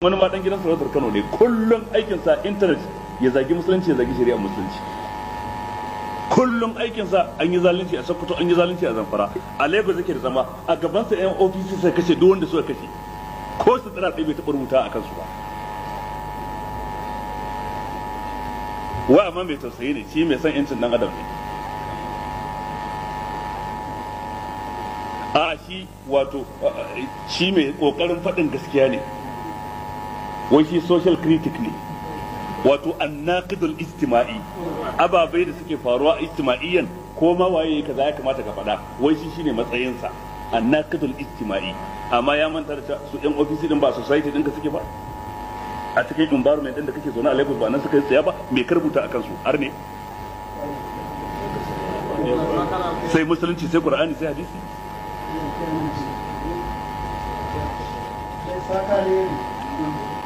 wani ma dan gidan sarautar Kano ne kullum aikinsa intanet ya zagi musulunci ya zagi shari'ar musulunci kullum aikinsa an yi zalunci a Sokoto an yi zalunci a Zamfara a Lagos yake da zama a gaban sa yan ofisi sai kashe duk wanda suka kashe ko su tsara tsaye bai taɓa rubuta a kansu ba wa amma mai tausayi ne shi mai son yancin dan adam ne a shi wato shi mai kokarin faɗin gaskiya ne wai shi social critic ne wato annaqidul istimai ababai da suke faruwa istima'iyan ko ma waye ka za ya kamata ka faɗa wai shi shine matsayinsa annaqidul istimai amma ya manta da su yan ofisi din ba society din ka suke ba a cikin environment din da kake zaune a Lagos ba nan suka yi tsaya ba me ka rubuta akan su har ne sai musulunci sai qur'ani sai hadisi sai